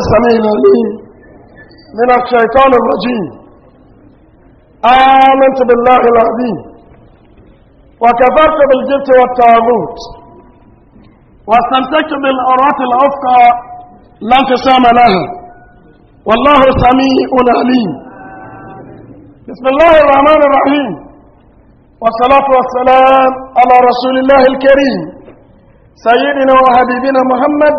السميع العليم من الشيطان الرجيم آمنت بالله العظيم وكفرت بالجبت والتاغوت واستمسكت بالأرات الأفقى لا انقسام لها والله سميع عليم بسم الله الرحمن الرحيم والصلاة والسلام على رسول الله الكريم سيدنا وحبيبنا محمد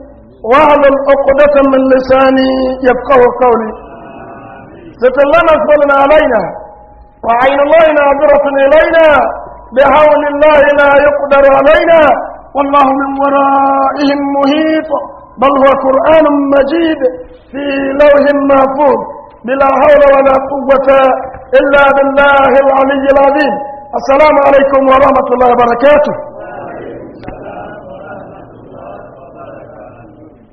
واعمل عقدة من لساني يفقه قولي ستلنا لنا علينا وعين الله ناظرة إلينا بهول الله لا يقدر علينا والله من ورائهم مهيط بل هو قرآن مجيد في لوح محفوظ بلا حول ولا قوة إلا بالله العلي العظيم السلام عليكم ورحمة الله وبركاته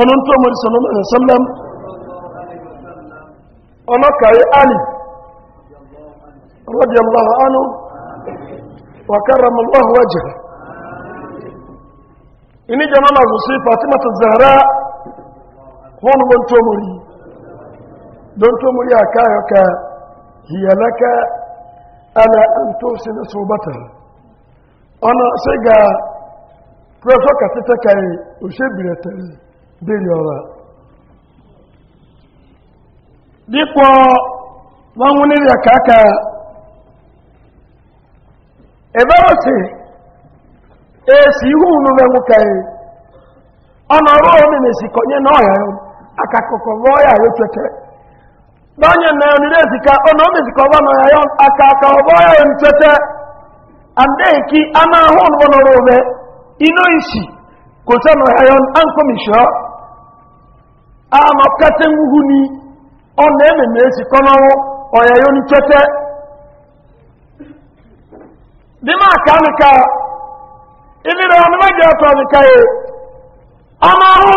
ọlọ́n tó mọ̀ ìsọ̀lọ́mọ̀ ìsọ̀lọ́m ọlọ́kàrí alì rọ́dí allah anu wàkàràmọ́lọ́wọ́ wájẹ̀ iní jama na zuci fatimata zahara wọn wọn tó mọ̀rí don tó mọ̀rí a kayoka hiyalaka ana an tó sí na sobata ọna sai ga professor katita kai òṣèbìrẹ̀ tẹ̀lé bílíọ̀rọ̀ dípò wọ́n mú ya kàkà ẹ̀bẹ́rọ̀sì èsì ihu nùmẹ̀mù kẹrin ọ̀nà ọ̀rọ̀ omi nèsì kọ̀nyẹ́ náà yẹ̀rọ akakọ̀kọ̀ lọ́ọ̀yà yóò tẹ̀tẹ̀ na náà nílẹ̀ èsìká ọ̀nà omi èsìká ọba náà yẹ̀rọ akakọ̀ lọ́ọ̀yà yóò tẹ̀tẹ̀ àndéèkì anáhùn ọ̀nà ọ̀rọ̀ omi inú ìsì amakete ngwugwu ni ọ na-ememe esikọ n'ọnwụ ọyayo nchete dịma ka nika ibiri ọnụma gị nika ya e, amahụ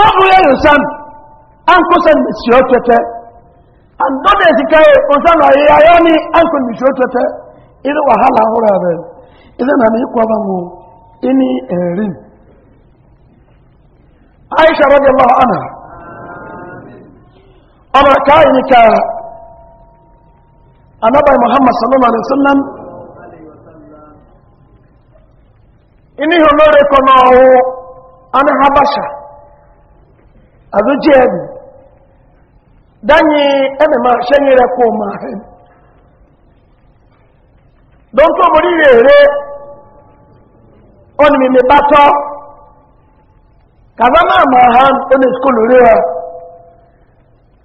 ọ bụ ya yosan ankusan mesi ochete andọda esika e, ya osan ọyịya ya ni ankun mesi ochete ịdị wahala ịdị na ịkwaba mụ ịnị aisha ọba nke ka anabai muhammad sallallahu alaihi wasallam ini honore kono owo an habasha azuji ebi danyi ebe ma shenyere ko ma he don to mori rere ọ na me bato kazama ma han onye school rere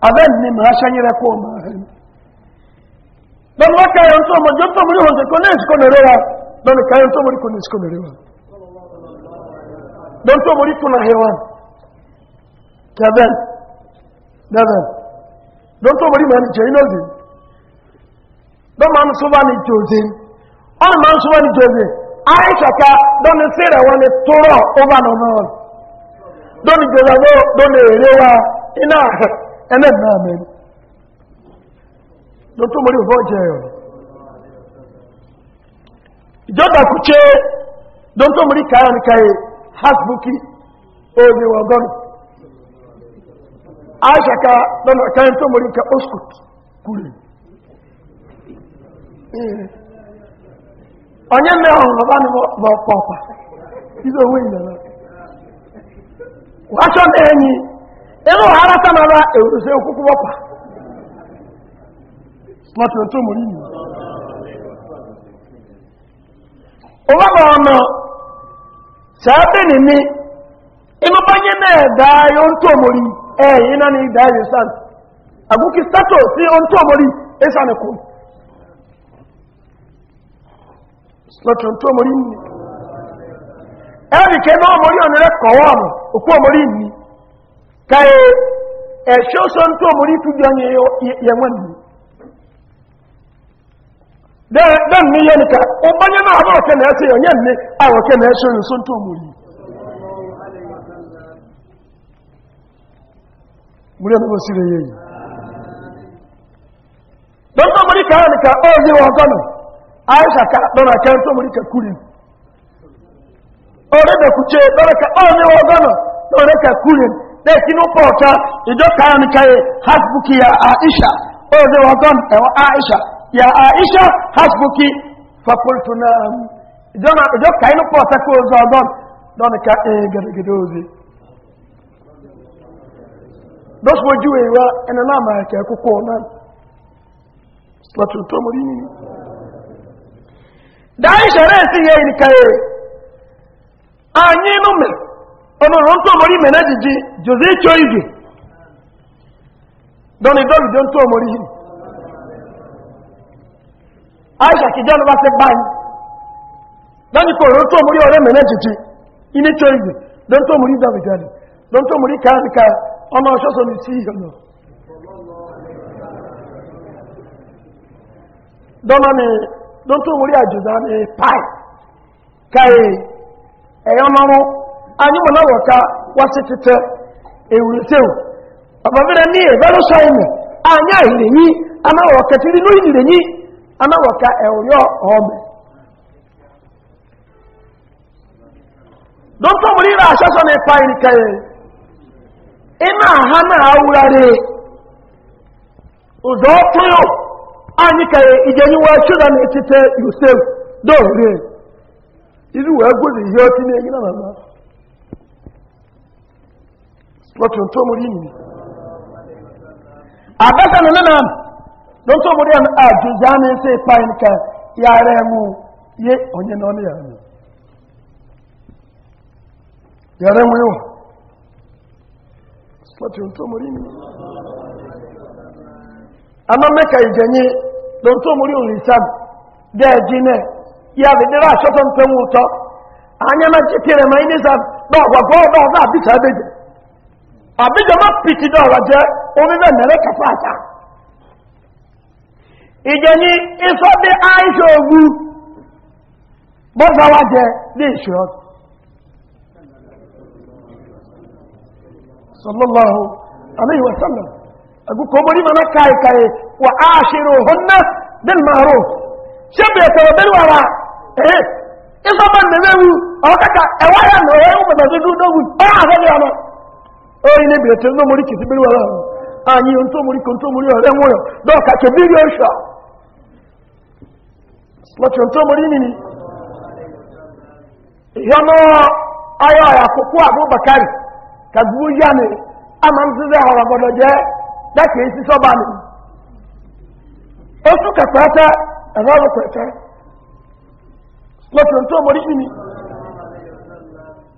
a máa ṣẹ́yìnrẹ́ kó máa rẹ̀ lọ́nà wá don tó mọ̀ jọ tó mọ̀ ní ọ̀sẹ̀ kò ní ìsìnkò lèrè wa lọ́nà káyọ̀ tó mọ̀ ní kò ní ìsìnkò lèrè don lọ́nà tó mọ̀ ní hewan kevin devin lọ́nà tó mọ̀ ní mọ̀ ní ẹlẹ́ náà mẹ́rin ló tó mọ́rí òfò jẹ́ ẹ̀rọ ìjọba kú ṣe ló tó mọ́rí káyà ní káyà hasbuki omi wọ̀gọ́nù aṣàká lọ́nà káyà tó mọ́rí ká oskut onye izo onwe na enyi ẹ̀rọ ara sánára èròṣẹ́ òkúkú wọ́pàá mọ́tí tó mú yìí ọwọ́pàá ọmọ ṣàbẹ̀nì ní inú bá yẹ́ náà dáyọ ń tó mọ́rí ẹ̀yìn iná ní dáyọ sàn agúkí sátò sí ohun tó mọ́rí ẹ̀sàn ẹ̀kọ́ mọ́tí tó mọ́rí ní ẹ̀rìkẹ́ náà mọ́rí kai ẹ̀ṣọ́ sọ́ntú omori túnjọ ní yẹ̀wọ̀n ní dẹ́n ní yẹ́ nìka ọgbọ́nyẹ́ náà àwọn ọ̀kẹ́ náà ṣe ọ̀nyẹ́ ní àwọn ọ̀kẹ́ náà ṣe sọ́ntú omori múrí ọdún sí rẹ̀ yẹ́ yìí dọ́ntọ́ omori káà nìka ó yí wọn gọ́nà aisha ká dọ́nà kẹ́ntọ́ omori ká kúrin orí deki n'ụpọta idoka ya nika ya hasbuki ya aisha ozi wagon ewa aisha ya aisha hasbuki fakultu na idoka ya n'ụpọta ka eh, ozi wagon donika ee garagide ozi dosbo juwe wa ina na ma ka kuko na slatu to mori ni da aisha re si ya ni kai anyi no ọmọràn tó mọ̀rí mẹ́nẹ́jìjì jose choive dọ́nidọ́rì jọ tó mọ̀rí yìí aisha kìjọ́ ló bá fẹ́ báyìí lọ́nìkọ̀ ọ̀rọ̀ tó mọ̀rí ọ̀rẹ́ mẹ́nẹ́jìjì iné choive dọ́n tó mọ̀rí dọ́nidọ́rì dọ́n tó mọ̀rí káàkà ọmọ ọ̀ṣọ́sọ ní sí ọ̀nà dọ́nà ni dọ́n tó mọ̀rí àjùzá ni pai káyé ẹ̀yọ́ mọ́rún anyị mana wọka wasịtịtị ewuretewu ọbabere ni ebere sọ ime anyị ahiri yi anáwọ kẹtìrì ló ìdìrè yí anáwọ ka ẹ̀wùrẹ́ ọmọ dókítà na rírà aṣọ́sọ́ ní ipa na iná àhá náà wúra lọ́tún tó mú rí nìyí àbẹ́sẹ̀ nínú náà ló tó mú rí àjò já ní sí ipa nǹkan ya rẹ̀ mú yé onye náà ní yàrá yàrá mú yíwà lọ́tún tó mú rí nìyí àmá mẹ́ka ìjẹ̀nyí ló tó mú rí òrìn sáà dẹ́ẹ̀jì náà yà bìdírà àṣọ́tọ̀ ń pẹ́ mú tọ́ àyẹ́mẹ́ títí rẹ̀ mọ́ ní sáà bá àbíjọba pìtì dọ̀rọ̀ jẹ́ orílẹ̀ mẹ́rẹ́ kàfà àtà ìjẹ ní ìsọ́dé àìṣẹ́ ogun bọ́sáwà jẹ ní ìṣọ́ sallallahu alaihi wasallam agukọ mọ́rí mana káìkàì wà áṣírò hannà del maro ṣe bẹ̀ kọ̀rọ̀ bẹ̀rẹ̀ wà wà ọkàkà yà oyi ne bi etu ntomori kisi biri wala anyi ntomori ko ntomori ɔrɛ ŋoyɔ dɔw ka kye biri ɔsɔ lɔtɔ ntomori nini yɔnɔ ayɔ akoko abubakari kaguwo yanni ama n sise hɔrɔ gbɔdɔ jɛ dake esi sɔba mi osu kakpɛtɛ ɛrɛ ɔrɔ kpɛtɛ lɔtɔ ntomori nini.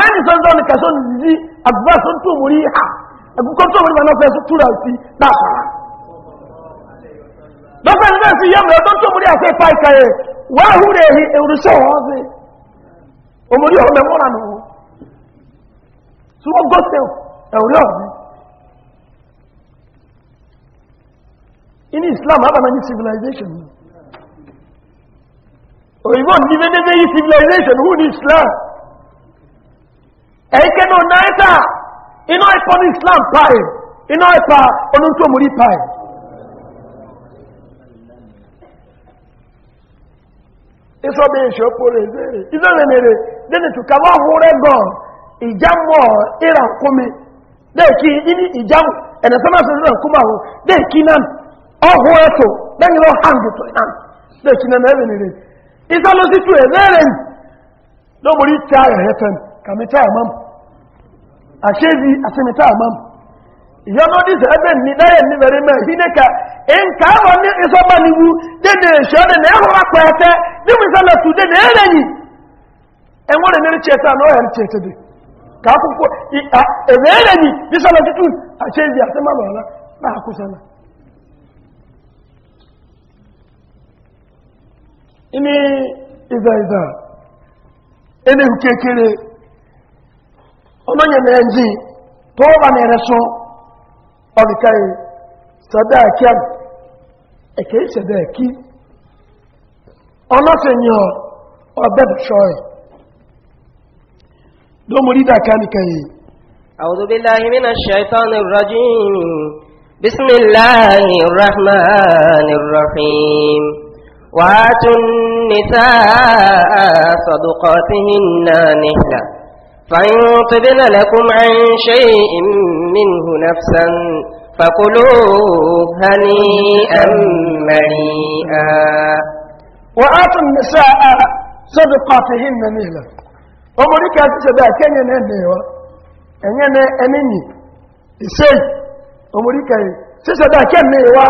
ẹni sọ́nsọ́ ni kàṣọ́ nìyí àgbà tó ń tó mú rí ha ẹ̀kúkọ́ tó mú rí maná fẹ́ sọ túra sí dáàkàrà lọ́pẹ́ ní bẹ́ẹ̀ sí yẹ́ mẹ́rin tó ń tó mú rí àti ipa ìkàyẹ̀ wà á húrẹ̀ èyí èrùsẹ́ wọn sí òmùrí ọ̀hún mẹ́mọ́ rà nù wọn tí wọ́n gọ́sẹ̀ ẹ̀rí ọ̀hún inú islam abàmẹ́ni civilization òyìnbó ní civilization who ní islam ẹ̀yíkẹ́ náà náírà iná ẹ̀pọ̀ ní islam páì iná ẹ̀pà onúntòmórí páì ìsọ́bí ìṣọ́pọ̀ rẹ̀ ìzẹ́rẹ̀ mẹ́rẹ̀ dínì tùkà wọ́n hù rẹ̀ gan ìjámọ̀ ìrànkúmi dẹ́ẹ̀kí ní ìjámọ̀ ẹ̀nà sọ́mọ́sọ́ ìrànkúmọ̀ àwọn dẹ́ẹ̀kí náà ọ̀hù ẹ̀tọ́ dẹ́yìn lọ́ hàn jùtọ̀ náà dẹ́ẹ̀kí náà mẹ́rẹ̀ mẹ́rẹ̀ ìsọ́lọ́sítù ẹ̀rẹ́rẹ̀ lọ́mọrí tí a rẹ̀ hẹ́fẹ́ kàmí tí a máa ashevi asemita amam yọnu di ebe ẹbẹ ní dáyẹ ní bẹrẹ mẹ nka wọn ní ìsọba níwu dédé èsì ọdẹ ní ẹhọ akọ ẹtẹ ní mi sọlọ tù dédé ẹrẹ yìí ẹwọn rẹ mẹrin tiẹ sáà ní ọyà tiẹ kakoko ẹrẹ ẹrẹ yìí ọmọnyẹ mẹ́nzi tó wà ní ẹ̀rẹ́ sọ ọ̀rìkà yìí sàdáàkì àmì ẹ̀kẹ́ ìsẹ̀dáàkì ọlọ́sẹ̀yàn ọbẹ̀ bẹ̀ṣọ́ ẹ̀ lómúrí dàkà nìkà yìí. àwùjọ bí láyé mí náà ṣàìtọ́ ní rọ́jú bísmìláì rahmanì rahim wàá tún nìta sọ̀dùkọ́ tí yìí náà nìkà. فينقذن لكم عن شيء منه نفسا فكلوه هنيئا مريئا وآتوا النساء صدقاتهن نهلا أمريكا تسدى كينيا نهلا أنينا أميني إسي أمريكا تسدى كينيا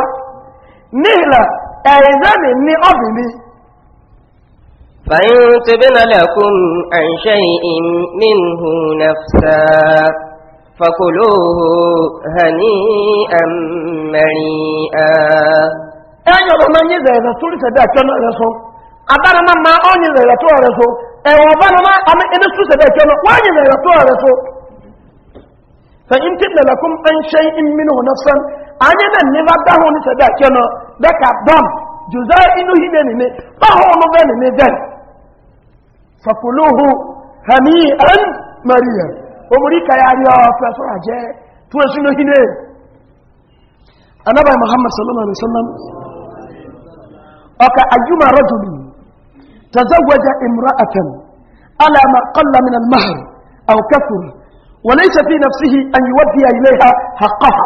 نهلا أيضا ني أبني فإن تبن لكم عن شيء منه نفسا فكلوه هنيئا مريئا ẹ̀yọ̀ ló máa ń yí zẹ̀rẹ̀ sórí sẹ̀dẹ̀ àti ọ̀nà rẹ̀ sọ àbáramá máa ọ́ yí zẹ̀rẹ̀ tó rẹ̀ sọ ẹ̀wọ̀n ọ̀báramá ọmọ ẹni sórí sẹ̀dẹ̀ àti ọ̀nà wọ́n yí zẹ̀rẹ̀ tó rẹ̀ sọ fẹ̀yìn tí lẹ̀lẹ̀kún ń ṣe ìmìnú nafsan ayé náà ní bá dáhùn ní sẹ̀dẹ̀ àti ọ̀nà bẹ́ẹ̀ bọ́m jùzọ́ inú bẹ́ẹ̀ nìyẹn fàkùlùhù hàní ẹn maria omurika ya rí ọ̀fẹ́ sọ́rọ̀ jẹ́ tó ẹ̀ sínú hinne anábàá muhammad sallallahu alaihi wasallam ọka ajúmọ̀ rọ́jùlù tazawwaja imra'atan ala ma qalla min al-mahr aw kathura wa laysa fi nafsihi an yuwaddi ilayha haqqaha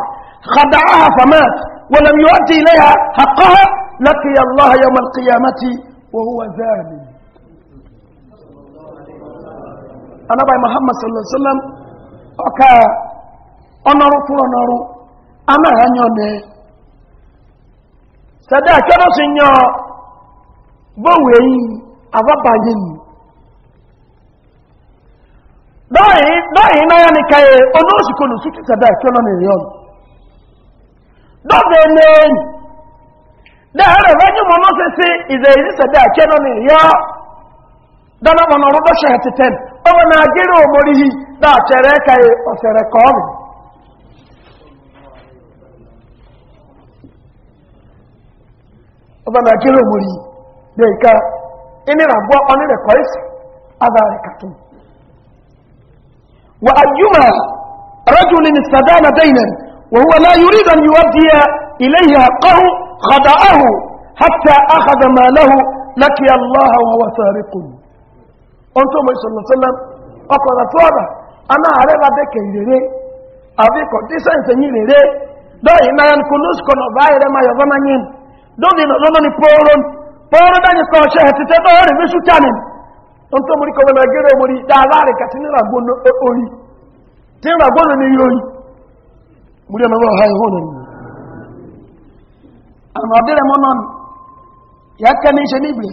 khada'aha famat wa lam yuwaddi ilayha haqqaha laqiya Allah yawm al-qiyamati wa huwa zalim anabai muhammad sallallahu alaihi wasallam ọka ọnọrọ fún ọnọrọ ama anyọ mẹ akẹrọ sí nyọ bọwọ eyi avabaye ni lọyìn lọyìn náà ni kẹyẹ olóòsìkò ló sùn sẹdẹ akẹrọ ní ìyọ dọbẹ lẹyìn dẹhẹrẹ fẹjúmọ náà sẹsẹ ìzẹyìn sẹdẹ akẹrọ ní ìyọ. dana wọn ọrọ bọṣẹ ẹtì tẹn ọmọ nàìjíríà òmòrì yìí náà tẹrẹ ẹka yìí ọtẹrẹ kọọlù. ọmọ nàìjíríà òmòrì yìí bẹẹ ká ẹnìyàn bọ ọnìrẹkọ ẹsẹ adarẹ kàtó. wà á yúmọ rẹjù ní sàdánà dẹyìnà وهو لا يريد أن يؤدي إليه حقه خدعه حتى أخذ ماله لقي الله وهو سارق ohun tó mọ̀ ìṣọ̀lọ̀sọ́lá ọkọ̀nà tó ọ̀dà aná ààrẹ ládẹ́kẹ̀ ìrèrè àfikọ̀ dísẹ́ǹsì yìí rèrè dọ́yìn náà ń kún lóṣù kan ọ̀bá ayẹrẹ máa yọ̀gọ́ máa yìn dọ́bì lọ́nà ní pọ́ọ́rọ́ pọ́ọ́rọ́ dání kan ọ̀ṣẹ́ ẹ̀ títẹ́ bọ́ rẹ̀ fíṣù tánì ohun tó mọ̀rí kọ́mọ̀ nàìjíríà mọ̀rí dáadáa rẹ̀ kàtí ní ràgbónú orí tí ń ràgbónú ní yorí ni àwọn ọ̀dẹ́rẹ̀ mọ́nà kẹ́ ní ṣe níbìrì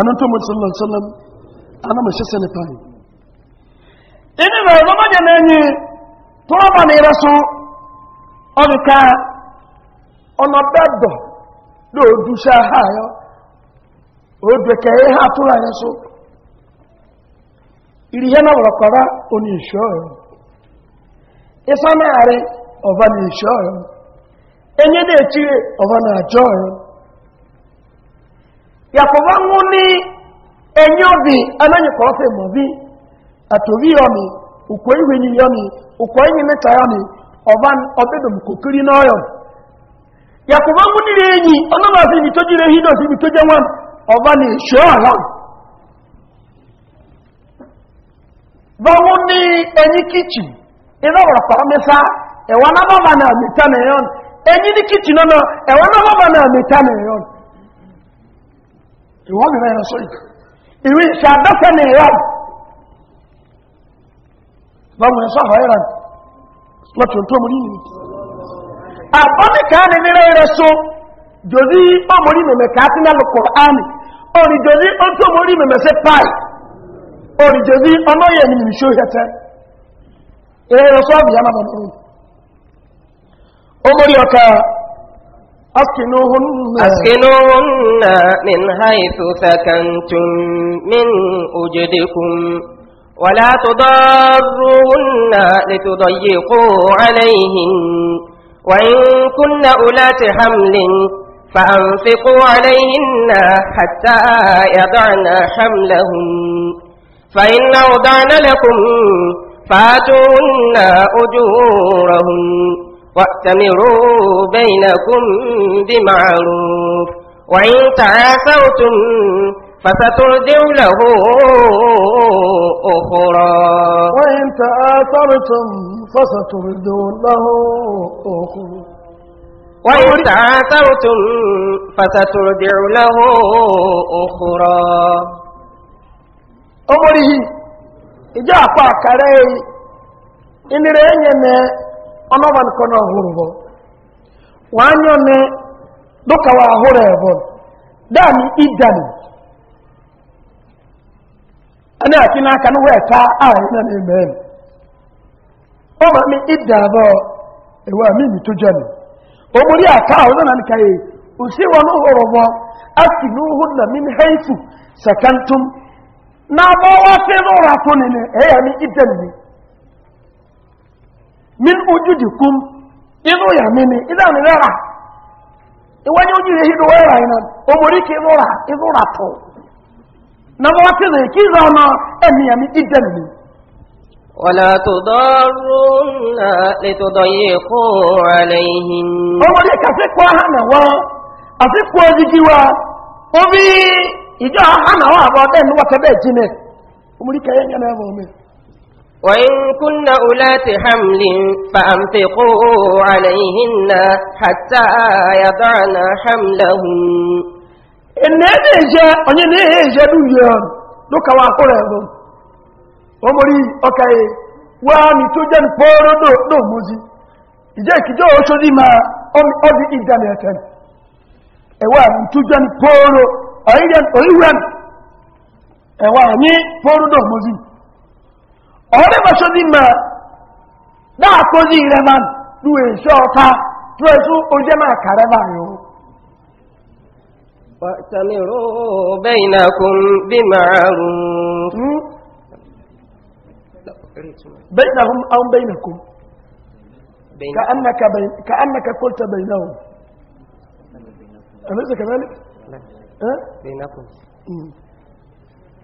anan to mu sallallahu alaihi wasallam ana mu shese ne fari ini ba zama da nanyi to ba ne rasu odika oh, ono oh, daddo do du sha ha yo o oh, de eh, ke ha to la rasu iri yana wa kwara oni isho yo isa na are ova ni isho yo enye de chire ova na ajo yo yàtọ̀wọ́ ń ní ẹ̀yìn òbí anáyẹ̀kọ́ ọ̀fẹ́ mọ̀ bí àtòrí ọ̀nì òkú ìwé ni yọ̀nì òkú ẹ̀yìn mẹ́ta yọ̀nì ọba ọbẹ̀dọ̀ kòkiri náà yọ̀ ń ní ẹ̀yìn ọlọ́wọ́ tó jí rẹ̀ hídọ̀ sí ibi tó jẹ́ wọn ọba ni ní ẹ̀yìn iná ẹ̀wọ̀n náà ìwọ́n mi mẹ́rin sọ ìkù ìwé ṣàdọ́fẹ́ ní ìran báwọn ẹ̀sọ́ àwọn ìran lọ́tún tó mú nínú àbọ́mìkà ní nílẹ̀ ìrẹ́ so jòdí ọmọrí mẹ̀mẹ̀kà tí náà lọ́kọ̀ áàmì orí jòdí ó tó mọ́rí mẹ̀mẹ̀sẹ̀ páì orí jòdí ọlọ́yẹ̀ ní ìṣó yẹtẹ́ ìrẹ́ ìrẹ́ sọ́ أسكنوهن أسكنوهن من حيث سكنتم من أجدكم ولا تضاروهن لتضيقوا عليهن وإن كن أولات حمل فأنفقوا عليهن حتى يضعن حملهن فإن أوضعن لكم فآتوهن أجورهن واعتمروا بينكم بمعروف وإن تعافوتم فسترجع له أخرى وإن تآثرتم فسترجع له أخرى وإن تعاثرتم فسترجع له أخرى أمري إجا أقوى كري إن رأينا ọnọba nkọ na ọhụrụ bụ wanyọ ne ahụrụ ebe dan idan ana ati n'aka no taa a na na m ọ ma mi idan bụ ewa mi mi tụja mi omori aka ahụ na nka ye usi na min haifu sakantum na abọwa fi mi mi min ujudikum inu ya mini idan ni rara iwani oji rehi do ra na mo ti re ki za ma emi ya mi idan ni ولا تضارون لتضيقوا عليهم ọmọ ní kàfíkọ́ hànà wọn àfíkọ́ ojigi wa omi ìjọ hànà àbọ̀ bẹ́ẹ̀ jí ọmọ yẹn náà وإن كن أولات حمل فأنفقوا عليهن حتى يضعن حملهن إنه إيجا أني إيجا دويان لك وأقول omori ọkaye wá ní tó jẹ́ pọ́ọ́rọ́ lóòmójí ìjẹ́ ìkìjọ́ oṣòdí ma ọdí ìdàlẹ̀ ẹ̀tẹ̀ ẹ̀wà ní tó jẹ́ pọ́ọ́rọ́ ọ̀yíwẹ̀ ọ̀rẹ́ mọ́ṣọ́dí mọ́ dáàkójí rẹ̀ máa lú èṣọ́ ọ̀ta tó ẹ̀ṣú ojé máa kàrẹ́ báyìí o pàtàmìrò bẹ́yìn náà kún bí máa rùn بينهم أو بينكم بينكم. كأنك, بين... كأنك قلت بينهم أليس كذلك؟ لا أه؟ بينكم مم.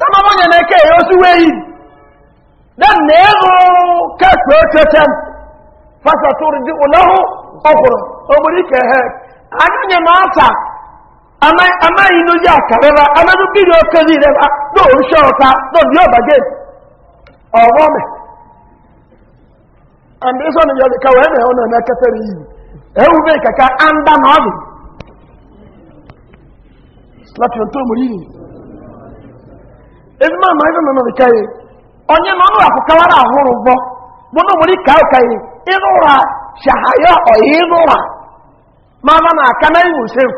dama onye na-eke ya wee weyi dan na ịhụ kekwe ocheche m fasa tụrụ ụlọhụ ọhụrụ ike ehe anyị onye ma asa amaghị n'ozi akarịra amaghị mmiri oke niile ba n'oru shọta n'obi ọbage and ịsọ na ya ka wee na-ewe na na-eketara iyi ewube kaka anda na ọdụ Slapion to mori ezigbo ama ebe nọ ka onye nọ n'ụlọ akụ ahụrụ ụgbọ bụ na ka ụka ye ịrụ ụra shahaya ọyị ịrụ ụra na aka na iwu sew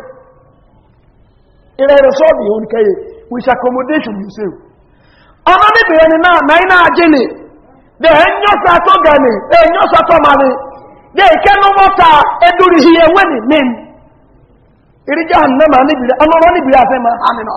ịrere sọ accommodation ọnụ dị ị na-ajị ni atọ gani e atọ ike edurihi ni nim n'ibiri n'ibiri ha nọ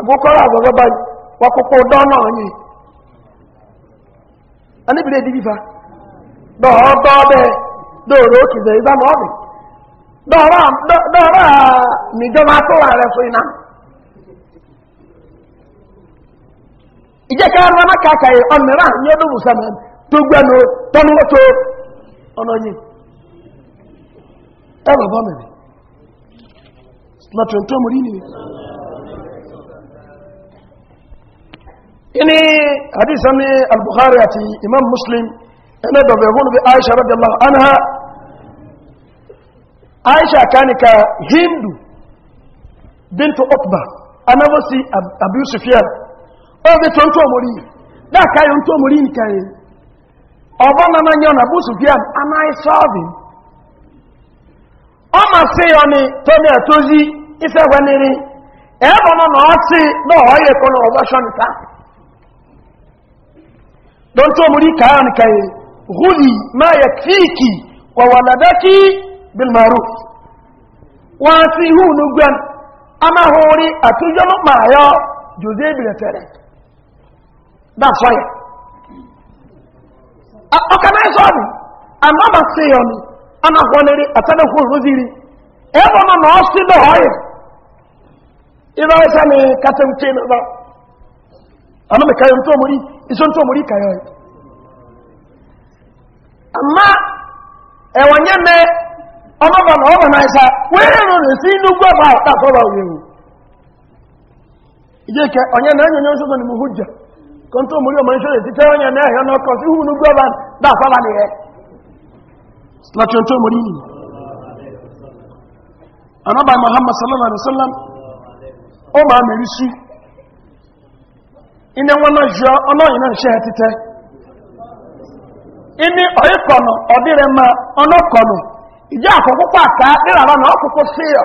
agụkọrọ agụgọ bari wakụkọ ụdọ na onye anibiri fa dọọ ọdọ ọbẹ e. dọọrọ otu ịza na ọdị dọọrọ dọọrọ a nìjọba atụrụ arẹ fún iná ìjẹka ara kàkà yìí ọmọdé náà ní ọdún musamẹ tó gbẹnu tọnuwọtò ẹ bàbá ini hadis ni al-bukhari ati imam muslim ina da bai hunu bi aisha radiyallahu anha aisha nika hindu bintu utba anabasi abu sufyan o bi to nto mori da ka yi nto mori ni kai ọba na na nyọ na abu sufyan anaghị e sọọbi ọ ma sị ya ni tọni atozi ise gwaniri ebe ọ na ọ sị na ọ yekọ na ọba shọnita don to muri kayan kai huli ma ya fiki wa waladaki bil maruf wa si hunu gwan ama hori atujo no ma yo jose bi tere da so ya o kana so ni ama ba se yo ni ana honere atana ko roziri e bo no no si do hoye iba sa ni katem tin ba ana me kayan to muri ìsọ́n tó mórí kàyọ̀ ẹ̀ àmá na yẹ́ mẹ́ ọmọbọ̀nà na ẹ̀ṣà wẹ́rẹ̀rùn rẹ̀ sí inú gbọ́gbà àtàkọ́rọ̀ òyìnbó ìjẹ́kẹ́ onye onye yẹ́ ṣọ́gbọ́n ni mo hù jẹ kan tó mórí ọmọ onye na ọ̀yẹ́ náà onye náà kọ̀ sí hù inú gbọ́gbà dáfọ́lá ni ẹ̀ slọ́tún tó mórí ni ọ̀nà bá muhammad sallallahu alaihi wasallam ine nwana jụọ ọnụ ọyị na nche etite ini ọyịkọnụ ọdịrị ma ọnụkọnụ ije akwụkwọ aka ịrara na ọkụkụ si ya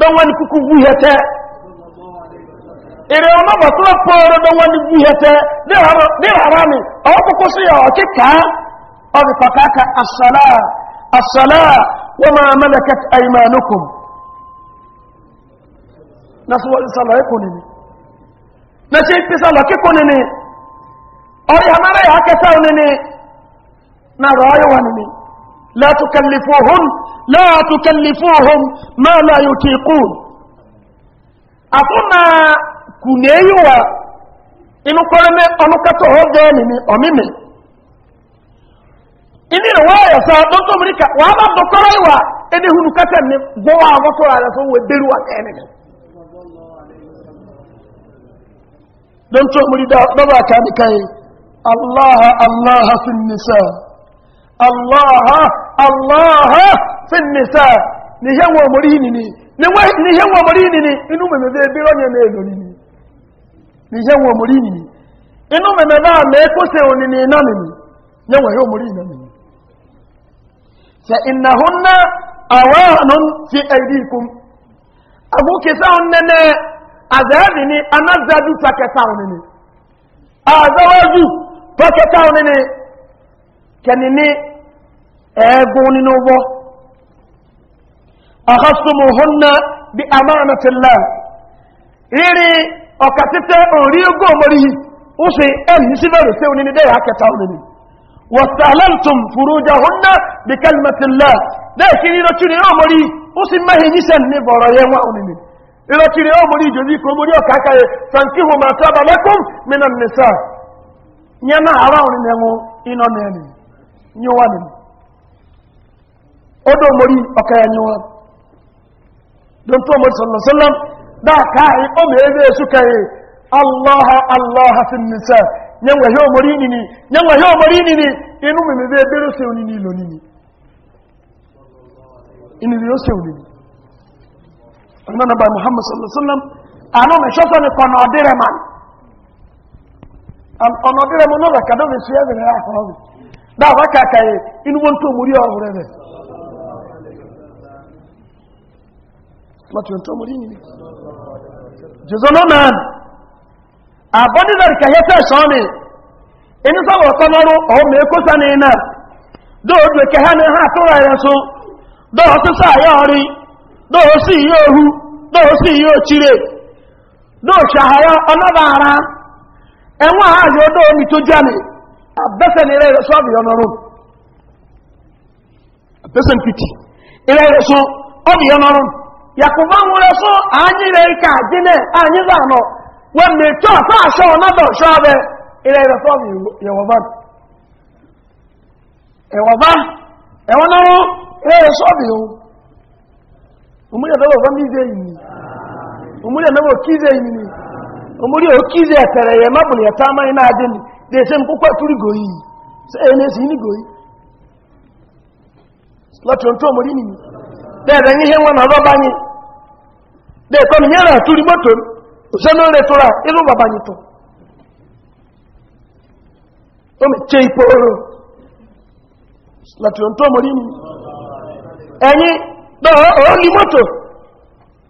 dọnwa n'ikuku gwuhete ire ọnụ bọtụrụ pụrụ dọnwa n'igwuhete dịrara ni ọkụkụ si ya ọchị ka ọ dịkwa ka aka asala asala wama malakat aimanukum na sọ salọ ịkụ nini na ṣe ń pèsè ọlọ́kíkó nínú ọrí àmàrà yà ákẹta nínú na rọ̀ yíwa nínú látùkẹlìfòhún látùkẹlìfòhún máa láyò tí kú àfúnmà kù ní yíwa inú kọrẹ́mẹ́ ọmọkẹtọ̀ ọjọ́ nínú ọmímẹ̀ inú ìrọ̀wọ́ ẹ̀sọ́ lọ́tọ́ mìíríkà wà á bá bọ̀kọ́rọ̀ yíwa ẹni hùnú kẹtẹ̀ ní gbọ́wọ́ àwọn tó rà don to muri daba ka ni kai Allah Allah fi nisa Allah Allah fi nisa ni yawo muri ni ni ni wa ni yawo muri ni ni inu me be bi ro ni do ni ni yawo muri ni ni inu me me ba me ko se oni ni na ni yawo yo muri ni ni fa innahunna awanun fi aydikum abuke azɛɛbi ni anazadu pakɛtaw ni ni azawaju pakɛtaw ni ni kɛni ni ɛɛgun ni ni wɔ ahasumu hunna bi amaanatila riri ɔkatitɛ ori gomori yi usi ɛni sibɛri sew ni ni dɛ akɛtaw wasalantum furuja hunna bi kalimatila dɛ kiri na tuni omori usi mahi nisɛn ni bɔrɔ yɛ wa ni ìrọ̀kiri ọmọ ní ìjòzí kò mú ní ọ̀ká káyẹ sankihu ma sábà lẹ́kùn mínà nìsá yẹn náà ara òní nẹ̀mú iná nẹ̀ẹ̀nì ní wà nìmú ó dùn mórí ọ̀ká ẹni wọn don tó mórí sọ̀lọ̀sọ́lọ́m dáàká ọmọ ẹgbẹ́ èṣù káyẹ allaha allaha fi nìsá yẹn wà yóò mórí nìní yẹn wà yóò mórí nìní inú mi mi bẹ́ẹ̀ òní ní ọ̀nà bá muhammad sallallahu alaihi wasallam àwọn ìṣọ́sọ́ ni kwa ọ̀dẹ́rẹ̀ man ọ̀nà ọ̀dẹ́rẹ̀ man náà kàdọ́ fi ṣe ẹ̀rẹ̀ àkọ́rọ̀ mi dáa wá kàkàyè inú wọn tó múrí ọ̀rọ̀ rẹ̀ rẹ̀ láti ọ̀tọ́ múrí yìí jùzọ́nà náà àbọ́dílẹ̀ kẹ̀yẹ́ tẹ̀ sọ́ ni inú sọ́wọ́ ọ̀tọ́ lọ́rọ̀ ọ̀hún dóòsì yóò chire dóòsì àhàrá ọlọ́bàára ẹ̀wọ̀n ààyò dóòmì tó jáde àbẹ́sẹ̀ ní ilẹ̀ ìrẹsọ́ ọ̀bì ọ̀nọ́rùn àbẹ́sẹ̀ pìtì ilẹ̀ ìrẹsọ́ ọ̀bì ọ̀nọ́rùn yàkùnbá ń wọlé fún àányí anyị ìka àdínẹ̀ àányí lànà wọ́n mi tó àfá àṣọ ọ̀nàdọ̀ ṣọ́ abẹ ilẹ̀ ìrẹsọ́ ọ̀bì yẹ̀wọ̀bá omuli anamu okize enyini omuli okize etere ya mabuli ya tamanyi n'adini dese mkukwa tuli goyi se si ini goyi lati onto omuli nini dede ngihe nwa na robanyi deko ni nyera tuli moto usano ole tula ilu babanyi to ome cheipo oro lati onto omuli nini enyi do oli moto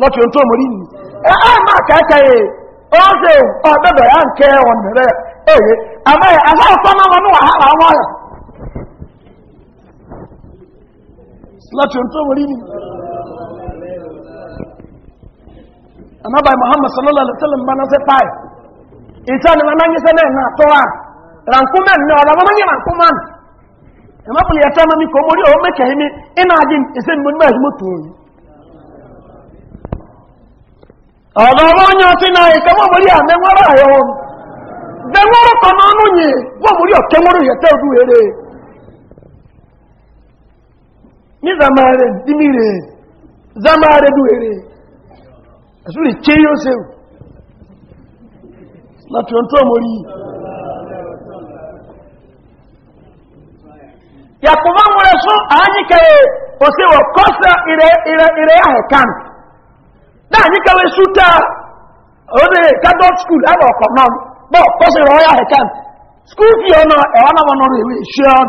lọ́tí ohun tó mọ̀rí yìí ẹ̀ máa kẹ́kẹ́ ọ́sẹ̀ ọ̀dọ́dọ̀ ya ń kẹ́ wọn bẹ̀rẹ̀ èrè àmọ́ àfáàfọ́ náà wọn wà hàrà wọn yà ohun tó sallallahu alaihi wasallam bá náà sí páì ìṣẹ́ ni wọn náà yíṣẹ́ náà náà ẹ̀mọ́pìlì ẹ̀tọ́ mi kò mórí mẹ́kẹ̀ẹ́ mi ọ̀dọ̀ ọmọ onye ọtí náà ìkẹ́ wọ́n mọ̀rí àmẹ́wọ́rọ̀ àyọ̀ wọn bẹ̀wọ́rọ̀ kan náà nù yìí wọ́n mọ̀rí ọ̀kẹ́wọ́rọ̀ yẹtẹ́ ojú eré ní zamare dimire zamare du eré ké yóò ṣe náà ní kẹwẹ́ sútà òde catholic school ẹ̀rọ ọ̀kọ̀ náà bọ́ tó sì rọ school fi ọ̀nà ẹ̀wọ́n náà wọn ìwé ìṣọ́n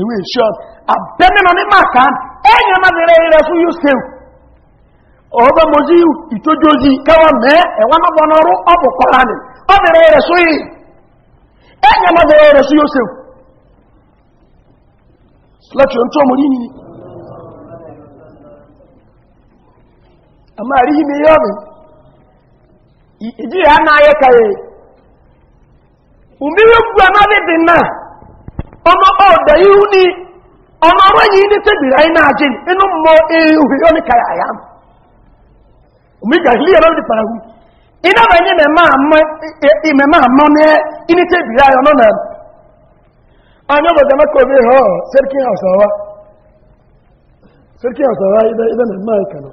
ìwé ìṣọ́n àbẹ́mínà ní màkà ẹ̀yìn ọmọ mi fún ọba mẹ́ ẹ̀wọ́n náà amma arihi mai yomi iji ya na ya kaye umiri kuwa na didi na ọmọ ọdọ ihu ni ọmọ ọrọ yìí ní tẹbìrì ayé náà jìn mọ omi gàhìlì ẹ̀rọ paragu iná bẹ̀ ní mẹ̀má àmọ́ ní ní tẹbìrì ayé ọ̀nà náà ọ̀nà ọ̀dọ̀ mẹ́kọ̀ọ́ bí họ sẹ́ríkì ọ̀sọ̀ wa na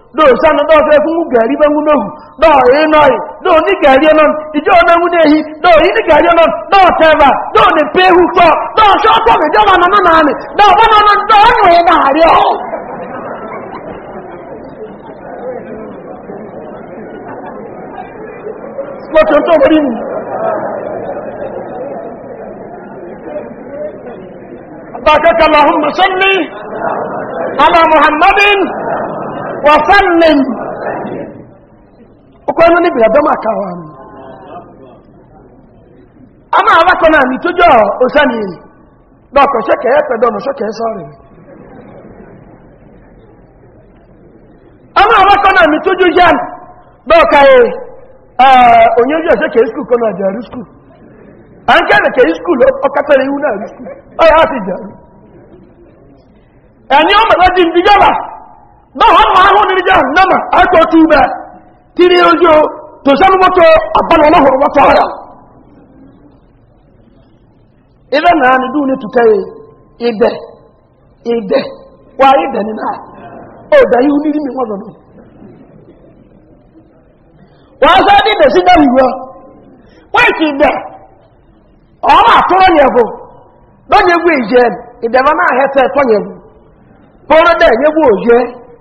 do sanu do fe fun gari ba ngun dohu do e noi do ni gari e non ijo na ngun ehi do yi e ni gari e non do teva do ni pe hu ko do so ko me na na na ni do na na do ni e na ri o ko to to bari ni بارك اللهم صل على محمد وسلم وكان نبي هذا ما كان أما هذا كنا نتجا أسانين دوكو شكا يتدون شكا يصاري أما هذا كنا نتجا جان دوكا onyonyo ṣe kèé skul kọ́nà àjàrí skul a ń kẹ́rẹ̀ kèé skul ọkàtẹ̀rẹ̀ ihu náà rí skul ọ̀yá àti ìjàrí ẹ̀yìn ọmọdé di ìdíjọba báwọn àwọn àwọn onírìn jẹ́ ànámà àkọ́ tí ó bẹ́ tí ní ojú tó sánú mọ́tò àbánà ọlọ́hùn mọ́tò ọ̀rọ̀ ilẹ̀ náà ni dúró ní tutẹ́ ibẹ̀ wà ibẹ̀ nínú à ó dà yí onírì wọ́n lọ́nà wọ́n sọ ní ìdẹ̀ sí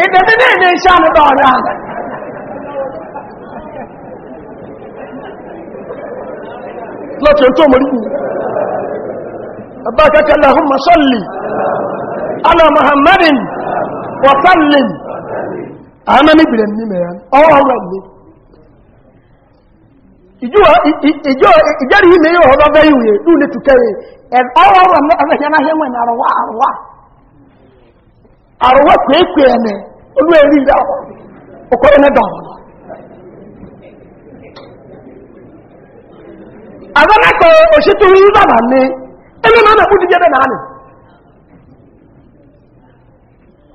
ìdẹ̀bí ní ìdí iṣẹ́ àmìbà ọ̀rẹ́ àmì ala muhammadin olú ẹ̀rí ìdá ọkọ̀ ẹ̀nẹ́dà ọ̀nà àgbọ́nàkọ̀ òṣètò ìrìnbàbà ní na máa nà mú na náà na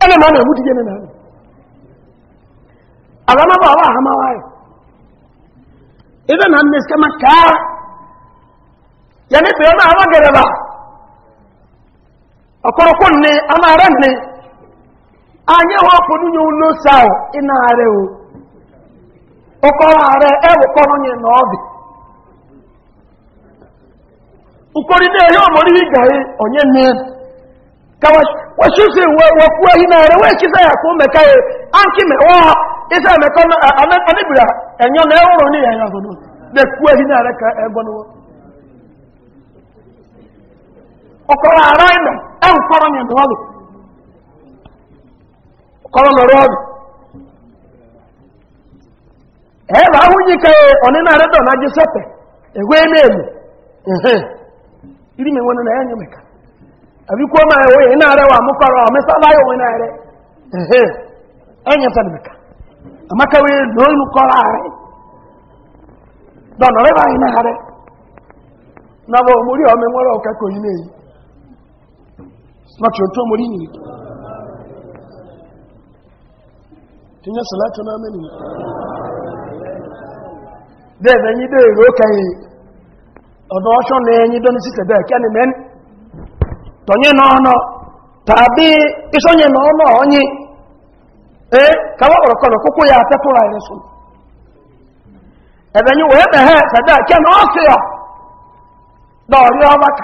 ẹni máa nà mú díjẹ́ náà nì àgbọ́nàbà ọwọ́ na ẹ̀ ìdá náà Ya ṣe maka yẹni pẹ̀lú àwọn gẹ̀rẹ̀ anyị hapụ nwunye ụlọsa ahụ ị na-arị o e ụkọrọ arị ewekọrọ onye na ọdị ụkọrị na-ehi ọmọrị ihe gaghị onye nne ka wasusi wekwuo ehi na-arị wee chisa ya ka ụmeka ya anki mewa isa emeka anịbira enyo na ewụrụ n'ihe ya ọzọ na-ekwuo ehi na-arị ka egbonuwo ụkọrọ ara na ewekọrọ onye na ọdị kọ́rọ̀ lọ́rọ́ ọ̀dù ẹ̀rọ ahúnyí kẹrẹ ọ̀nínà rẹ̀dọ̀ náà jẹ́ sẹ́pẹ̀ ẹ̀wẹ́ mẹ́lù ìrìmẹ̀ wọn náà ẹ̀yẹ mẹ́ka àbíkú ọmọ ẹ̀wọ́ iná rẹ̀ wà mọ́kọ̀rọ̀ ọ̀mẹ́sáláyọ̀ wọn na rẹ̀ ẹ̀yẹ tẹ̀lẹ̀ mẹ́ka àmákẹ́wé lóyún kọ́ra rẹ̀ dọ̀nà na báyìí tinye salatu na mini bẹ́ẹ̀ bẹ́ẹ̀ yí bẹ́ẹ̀ ró na ọ̀dọ̀ ọṣọ́ ní ẹyìn dọ́ni sí tẹ̀bẹ̀ náà tàbí iṣọ́nyẹ́ náà náà ọ̀nyí ẹ kàwọ́ ọ̀rọ̀kọ̀rọ̀ kókó ya tẹ́tùrà ẹ̀rẹ́ sùn ẹ̀bẹ̀ yí wọ́n bẹ̀ẹ́ tẹ̀bẹ̀ na ọ́sẹ̀ ọ̀ dọ̀rí ọbaka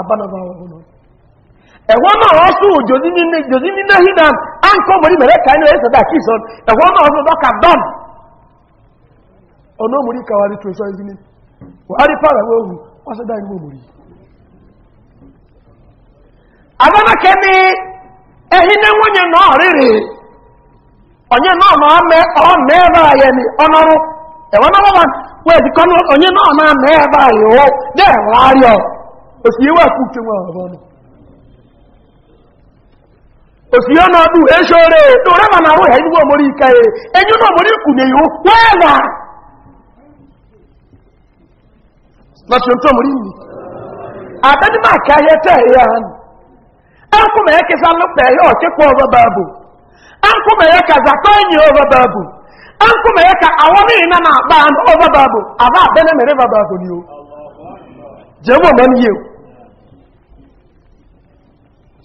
abánaba ọhụrụ ẹ̀wọ́n náà wọ́n sún ndị nínú hídà á ń kọ́ mọ̀rí mẹ̀rẹ́ kàínú ẹ̀yẹ́ sọ̀dá kí sọ ẹ̀wọ́n náà ọdún lọ́kà dán ọ̀nà òmùrí kàwà ní tòṣọ́ ìzíní buhari pàrà wọ́hùn wọ́n sọ́dá inú òmùrí ní náà rírì ọ̀nyẹ náà máa ni náà wọ́n wọ́n osi yẹwà kú a wọ́n àwọn ọ̀nà òsì ọ̀nà ọdún èṣò rẹ̀ tó rẹ̀ màá rọ̀ ẹ̀yìn wọ́n mọ́rí ìka ya ẹ̀yìn náà mọ́rí ìkù ní ìhó wẹ́ẹ̀wà láti ọjọ́ mọ́rí ìlú àbẹ́ni máa ká ayẹ tẹ́ ọba ọba na ọba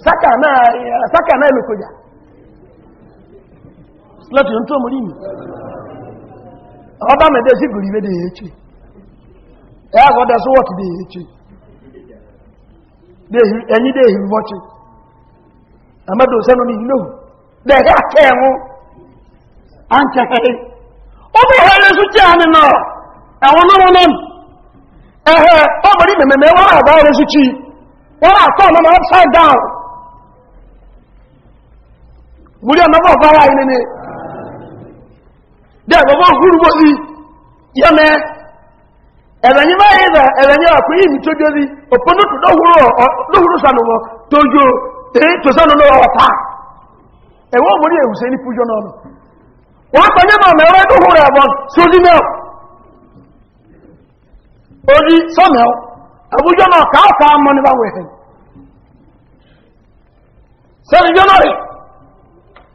saka náà lókojá láti ń tó mú nínú ọba mẹ́dẹ́ sí gùrì médè èéchì ẹ̀yà gọ́dẹ̀ sówọ́tì dé èéchì ẹ̀yìn dé èhìrì wọ́chì àmẹ́dọ̀ sẹ́nu ní ìlú dẹ̀hẹ́ àkẹ́ ẹ̀mú à ń kẹ́kẹ́ ó bí ẹ̀hẹ́ lẹ́sù jẹ́ àmì náà ẹ̀wọ̀n náà wọn ẹ̀hẹ́ ọbọ̀dí mẹ̀mẹ̀mẹ̀ wọ́n àbá lẹ́sù chi wọ́n àtọ́ ọmọ upside down muri ọ̀nà bọ̀ fara dị nínú dẹ́ bọ̀bọ̀ húrúgbó sí yọ́mẹ́ ẹ̀rẹ̀yìn báyìí rẹ̀ ẹ̀rẹ̀yìn ọ̀pẹ́ yìí tó jẹ́ sí òpónútù lóhùrú sànùwọ̀ tó jò èyí tó sánú lọ ọ̀tá ẹ̀wọ́ mórí èwùsẹ́ ní fújọ náà àbújọ náà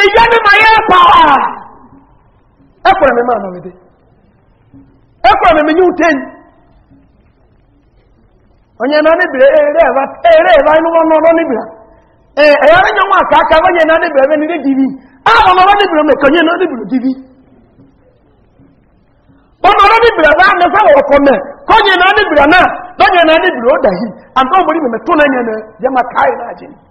ìyá ni ma ya pa á ẹ kọ̀rọ̀ mi máa nà wẹ́dẹ́ ẹ kọ̀rọ̀ mi ní ùtẹ́yìn onye na níbìrẹ̀ èrè ẹ̀bá inú wọn náà níbìrẹ̀ ẹ̀yà rẹ̀ yẹn wọn àkàkà wọn yẹn na níbìrẹ̀ bẹ́ẹ̀ nílé dìbí àwọn ọmọ níbìrẹ̀ na na na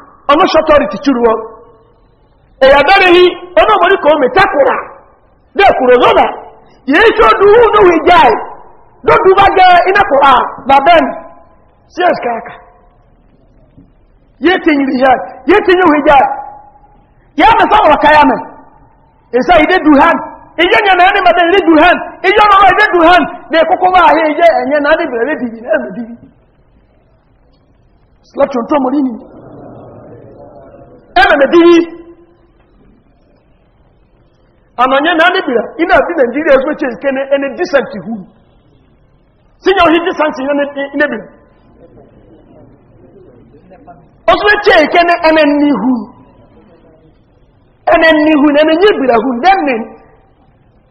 ọmọ ṣọ́tọ́rì ti túrú wọn èyà bẹ́rẹ̀ yí ọlọ́mọdé kò mẹ́ takura lẹ́kùrọ̀ lọ́nà yìí ṣó dúró lówì jáì lódú bá jẹ́ inákùrà bàbẹ́n sí ẹ̀ṣkàkà yìí ti yìí yá yìí ti yìí jáì yà mẹ́ sáwọn kaya mẹ́ ìsá ìdé duhan ìyẹ́ yẹn náà ní bàbẹ́ ìdé duhan ìyẹ́ ọmọ ìdé duhan ní kókó bá ayé ìyẹ́ ẹ̀yẹ náà ní bẹ̀rẹ̀ dìbì náà dìbì slọ́tún tó mọ̀ nínú na diri ananya na anibira ina fi nigeria so che nke ne ene decent hu sinya ohi decent yo ne ine bi oso che nke ne ene ni hu ene ni hu ne nyi bira hu den ne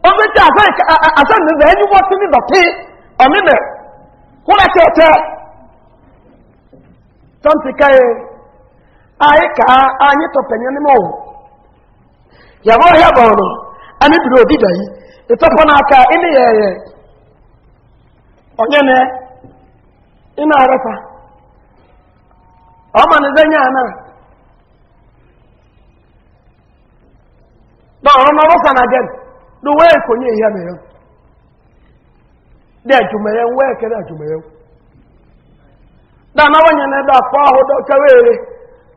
oso che asa asa ne ze ni what ni dope o anyị ka anyị tọpenye n'ime ụwa yabụ ọhịa bụ ọnụ anyị biri odida yi ịtọpụ n'aka ịnị ya eye onye na ị na arịta ọ manize nye ana n'ọrụ n'ọrụ sanagen n'uwe ekonye ihe na ya dị ejumeyewu wee kere ejumeyewu dị na ahụ ere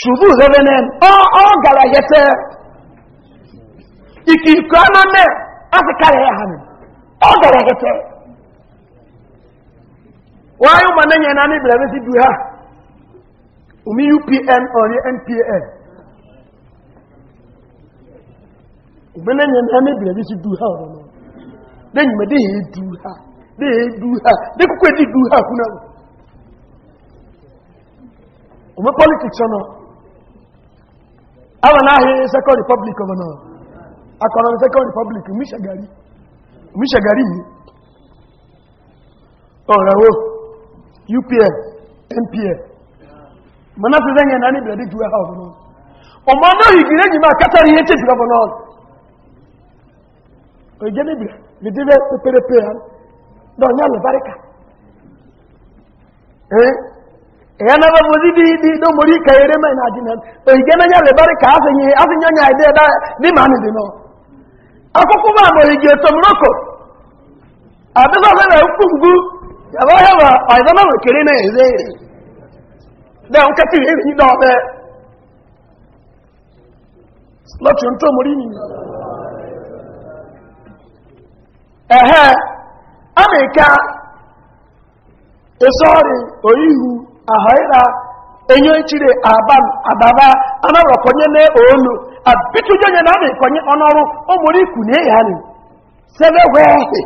shubu zevenen ọ ọ gara yete ikiriku ama asị karịa ya ha ọ gara yete wáyé wọn ní yẹn nání bẹ̀rẹ̀ sí duha omi upn npn omi ní yẹn nání bẹ̀rẹ̀ duha ọ̀rọ̀ náà lẹ́yìn mẹ́rin dé duha duha duha òmú politics ọ̀nà àwọn náà second republic ọmọ náà akọ̀rọ̀ second republic omíṣẹ̀gàrí mi ọ̀rẹ̀wò upl npl mọ̀ná ti rẹ̀yẹn náà ní ìbẹ̀rẹ̀ jù ẹ̀hà ọ̀fún ọmọ náà ìgbìrẹ́ yìí máa kẹta ìyẹ́ tètè lọ́bọ̀ náà òjẹ́ níbi nìdílé pẹ́pẹ́rẹ́pẹ́ yana ba buzi bi di do mori ka yere mai na dinan o na nya lebare ka asenye asenye nya ide da di ma ni dino akoko ba mo ige to mroko abisa se na ukungu aba ya ba o ida na mo kere na eze da on ka ti re ni do be lọ́tí ń tó mú rí ní ẹ̀hẹ́ amẹ́ríkà ìsọ́ọ̀rì ahaira enyo ichire aban Ababa anabro konye ne onu abitu jonye na ni konye onoru omori ku ya ni sebe wehe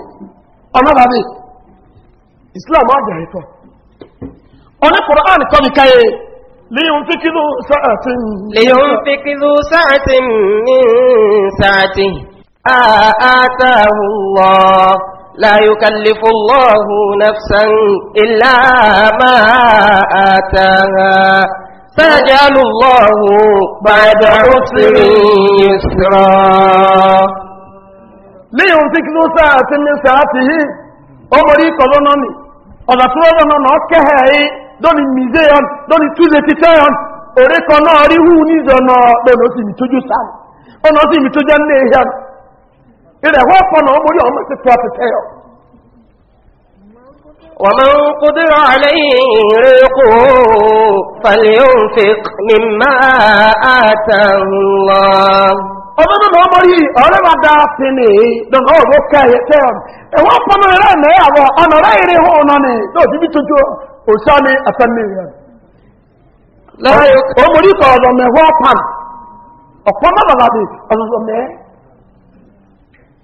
onaba islam aja ito ona qur'an ko bi kai sa'atin a allah لا يكلف الله نفسا إلا ما آتاها سيجعل الله بعد عسر يسرا ليمسك ذو ساعة من ساعته أمري قلنني ọ̀dà tí wọ́n lọ́nà náà kẹ́hẹ̀ ẹ́ lónìí mìíràn lónìí túnlẹ̀ títẹ́yàn orí kan náà rí hù ní ìjọ náà lónìí ó sì sáà ó sì mìtójú ẹ́ ní èèyàn ìrẹ̀ wọ́n pọ̀ náà mórí ọmọ sí tó àti tẹ́yọ. wọ́n máa ń kú ọdún náà mórí ọ̀rẹ́ bá dá sí ni dọ̀nà ọ̀rọ̀ kẹyẹ tẹ́yọ. ẹ̀wọ́n pọ̀ rẹ̀ ní àwọ̀ ọ̀nà rẹ̀ bí òṣà rẹ̀. ọmọdé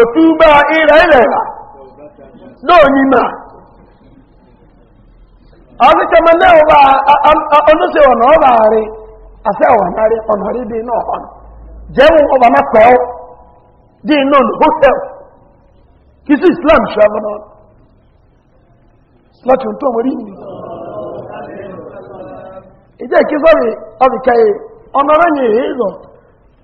òtú bá ilẹ̀ ilẹ̀ra lóòyìnmà ọdúnkẹmọ náà ọba ọdúnṣe ọba rí gharị ọ̀nà rí ọ̀nà rí bí náà ọ̀nà jẹun ọba na pẹ̀ dị dí hotel islam ṣọ́nà nọ ohun tó mọ̀ rí ni ìjẹ́ ìkíkọ́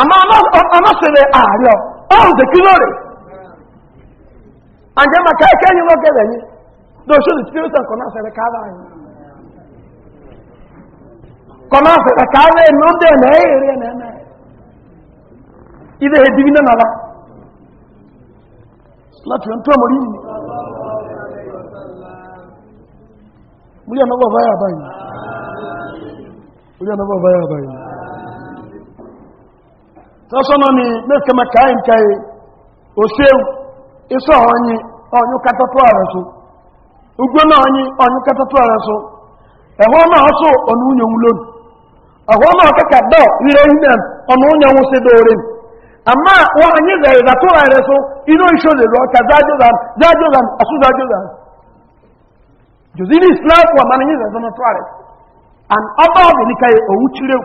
àmọ́ ọmọ́sẹ̀lẹ̀ ààrẹ ọ̀hún tẹ̀ kí lóòrè àjẹ́ màkà ẹ̀kẹ́ yìí wọ́n gẹ̀rẹ̀ yìí lóṣù tí ó sàn kọ̀nà àṣẹrẹ káàrà yìí kọ̀nà àṣẹrẹ káàrà yìí ló dẹ̀ lẹ́ èrè nẹ́ẹ̀mẹ́ ilé ẹ̀dí nínú nàlá láti wọn tó mọ̀rí yìí múlẹ̀ ọ̀nà bọ̀ báyà báyìí múlẹ̀ ọ̀nà bọ̀ báyà báyìí sọ́sọ́nà ni mẹ́kẹ́mẹ́ káyínkáyé òṣèwò iṣẹ́ ọ̀nyí ọ̀nyún kátàtọ́ ààrẹ so ugbó náà ọ̀nyí ọ̀nyún kátàtọ́ ààrẹ so ẹ̀họ́ náà sọ ọ̀nà únyẹ̀wò lónìí ẹ̀họ́ náà kẹ́kẹ́ dọ̀ ire ilẹ̀ ọ̀nà únyẹ̀wò sí dóore àmà wọ́n anyi zẹ̀rẹ̀ dàtọ́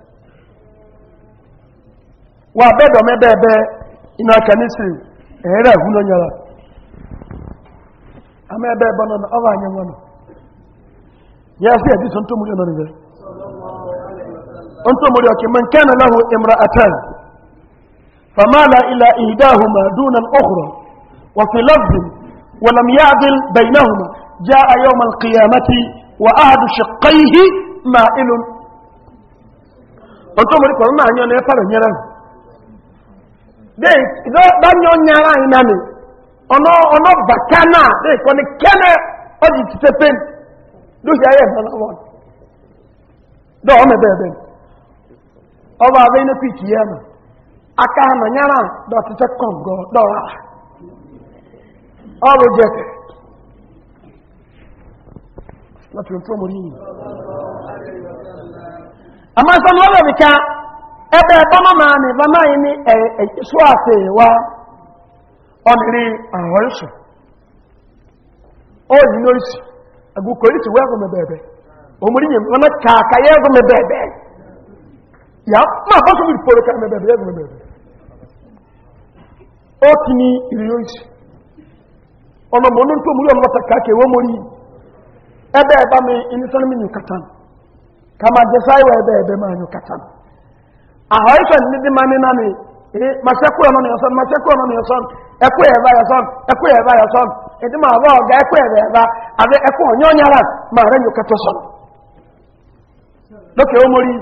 wa bedo me bebe iná kẹ́nísì ẹ̀rẹ́ ẹ̀hún ló yẹra àmọ́ na ẹ̀bọ́ náà ọba àyẹ̀ wọn nù yẹ́ sí ẹ̀dí sọ́n tó múlẹ̀ náà nìyẹn ọ̀ntọ́ múlẹ̀ ọ̀kẹ́ mọ̀ nkẹ́ nà láhùn ìmra àtàn famala ila ìdáhùmà dúnà ọ̀hùrọ̀ wà fi lọ́bìn ولم يعدل بينهما جاء يوم القيامة وأحد شقيه مائل ko na ما أن paro ينفر dey do nyara ina mi bakana dey ko ni kene o di do ya ye na won do o me be be na pitch na aka na nyara do tse kongo do ra o ro je ke na tun mo ebe bama maani na yi ni ɛ ɛ ase e, wa ɔnere ahɔn so ɔyi n'oyisi agu polisi wɛ ɛgome bɛɛbɛ omuri nyɛ mama kaaka yɛ ɛgome ya ma bɔsɔ mi polo ya bɛɛbɛ yɛ iri n'oyisi ɔnɔ mɔ ɔno ntomuri ɔno wata kaaka ɛwɔ mori ɛbɛ bami ɛnisɔn mi nyu kama maa ahọ́ìfẹ́ ní dídí máa ní náà ni màṣẹ́kù ẹ̀nà nìyọ̀sán màṣẹ́kù ẹ̀nà nìyọ̀sán ẹkú ẹ̀bá yọ̀sán ẹkú ẹ̀bá yọ̀sán ìdí máa bá ya ẹkú ẹ̀bá àbẹ ẹkú ọ̀nyọ́nyára máa rẹ̀ yóò kẹtọ́ sọ̀rọ̀ lókè omori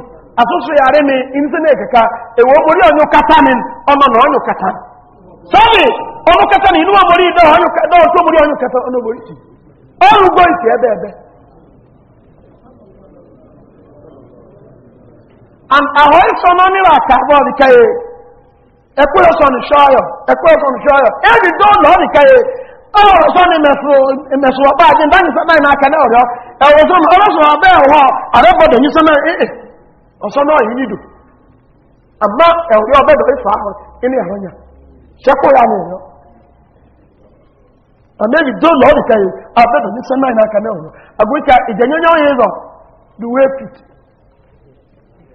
àtúnṣe ààrẹ mi ìntẹ́nẹ̀ kẹka èwo omori ọ̀nyọ́ kata ni ọmọ omori omori omori ebe ebe. and ahoy sọmọ níwà kàbọ̀ nìkẹyẹ ẹkúrẹ́ sọ ní ṣọ́yọ̀ ẹkúrẹ́ sọ ní ṣọ́yọ̀ ẹbí dọ́ọ̀lọ́ nìkẹyẹ ọ̀rọ̀ sọ ní mẹ̀sùwọ̀pá àti ìbáyìí sọ́mọ ìná akẹ́lẹ́ ọ̀rọ̀ ẹ̀wọ̀ sọmọ ọlọ́sọ̀ ọbẹ̀ ẹ̀wọ̀ àrẹ́bọ̀dọ̀ yìí sọmọ ẹ̀ẹ́ ọ̀sọ́ náà yìí nìdù àmọ́ ẹ̀wọ̀ ọbẹ̀ dọ̀ ìfà ahọ̀ inú ẹ̀rọ yẹn ṣẹ́kù ya ní ẹ̀rọ àmẹ́bí dọ́ọ̀lọ́ nìkẹyẹ àbẹ̀dọ̀ yìí sọmọ ìná akẹ́lẹ́ ọ̀rọ̀ àgbẹ̀kà ìjẹ̀nyẹ́nyẹ́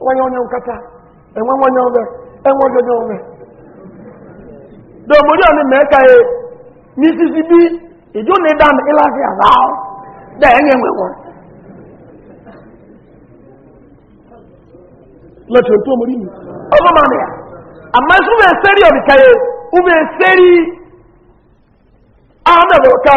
onye onye nkata enwe nwanyị ọbẹ enwe onye ọbẹ domori ọni mee ka e n'isisi bi ijo na ịda ịlasị ala ahụ da enye enwe nwa lọtọ ntu omori mi ọ ma na ya amma su eseri eseri ahụ ka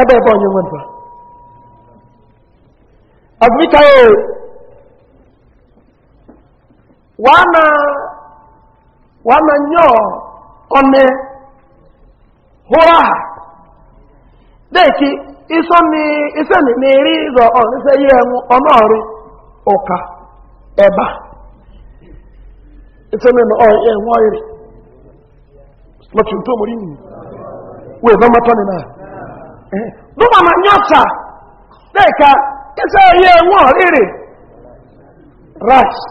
ebe ebe onye nwempa ọdịka ya wana wana nyọ ọnụ hụra ha deki iso ni iso ni n'iri ịzọ ihe enwu ọnụ ọrụ ụka eba iso na ọrụ enwu ọrụ lọtụ ntụ omori nyi wee zọmatọ ni na duma eh, na nyata deka kesa ye nwa riri rice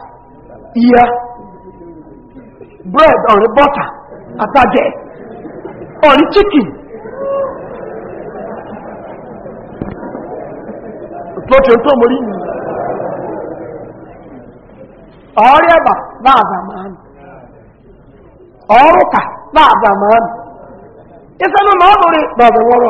iya bread or bọta atage or chicken protein to mori ni ọrịa ba na-aza ma ọrụ ka na-aza ma ịsanụ na ọ bụrụ na ọ bụ ọrụ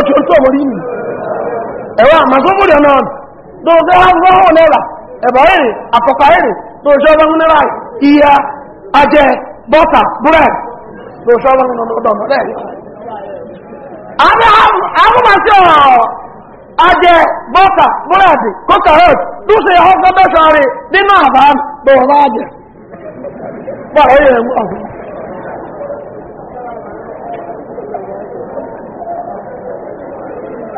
otu otu ọmọrọ imi ẹwà àmàzọ́bùrì ọ̀nà dòdó agbọ́hùn náírà ẹ̀bà èrè ajẹ́ bọ́tà búrẹ́d dòṣọ́bọ̀ náírà rẹ̀ ọkọ̀ rí nínú àbá ajẹ́ yẹ̀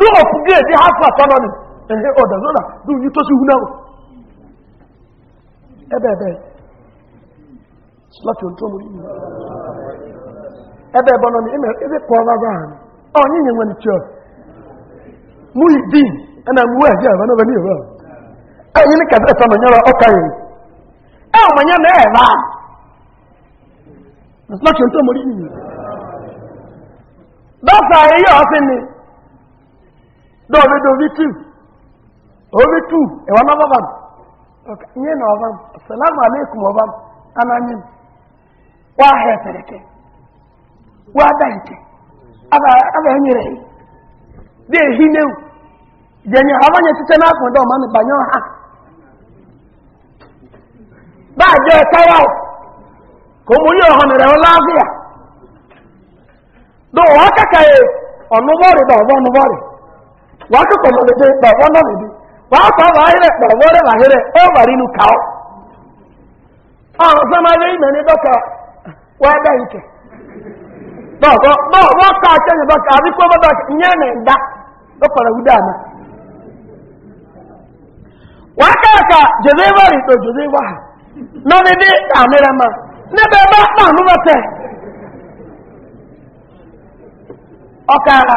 Eh, eh, do upgrade ha fún autonomy ehe ọ̀dọ̀ lọ́nà do yí tó sí hu náà ẹbẹ̀ẹ̀bẹ̀ slọ́tí tó ebe yìí ẹbẹ̀ẹ̀bọ̀ lọ́nà ẹbẹ̀ ebe lọ́gbà àmì ọ̀nyí yẹn wọn tí ọ mú yìí dín mú ẹ̀jẹ̀ ẹ̀rọ náà ní ìwọ̀ ẹ̀yìn ní kẹfẹ́ tọmọ nyẹrọ ọkà yìí ẹ̀ ọmọ nyẹ náà ẹ̀rá slọ́tí tó mú yìí dọ́sà ẹ̀yẹ ọ̀sìn ni dɔw bɛ don vitu o vitu ɛwɔ nɔbɔ ban n ye nɔbɔ ban salamu aleykum ana nye waa hɛ fɛrɛ kɛ waa kɛ aba aba yɛn ehi titɛ n'a kun dɔw ma ni ba ha e kawa o ko ɔhɔn rɛ o laafiya dɔw wàá kọ́kọ́ lọ lédè pẹ̀lú ọ̀nà dị wàá kọ́ ọ̀rọ̀ ahẹ́rẹ́ pẹ̀lú ọ̀rẹ́ ahẹ́rẹ́ ẹ̀ wà nínú kàó. ọ̀rọ̀ sọ́mọdé ìmẹ̀ ní dọ́kà wọ́n ẹ̀dá ìkẹ́. bọ́ọ̀ bọ́ọ̀ kọ́ àti ẹ̀yìn àbí kó nà ẹ̀dá wúdà àná. wàá níbẹ̀ bá pàmò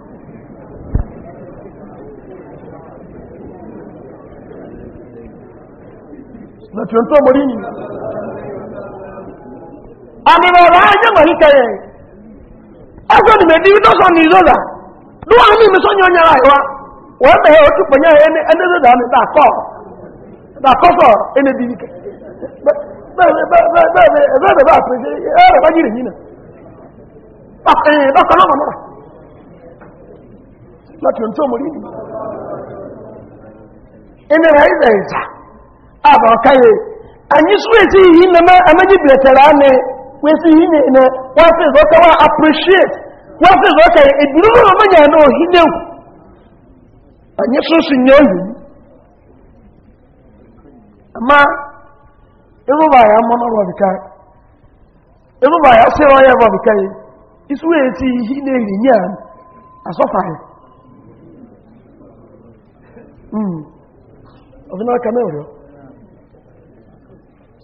na tuyo to mori ni ani ba ba anya mari ka ni medi do so ni zoza do ani mi so nyonya ra wa wa be na ba na tuyo to aba kaye anyi anyị esi yi na bletara ne we si na wa fi zo wa appreciate e, na ma nya Anyị ama ewo ya mo no ro bi ya se wa he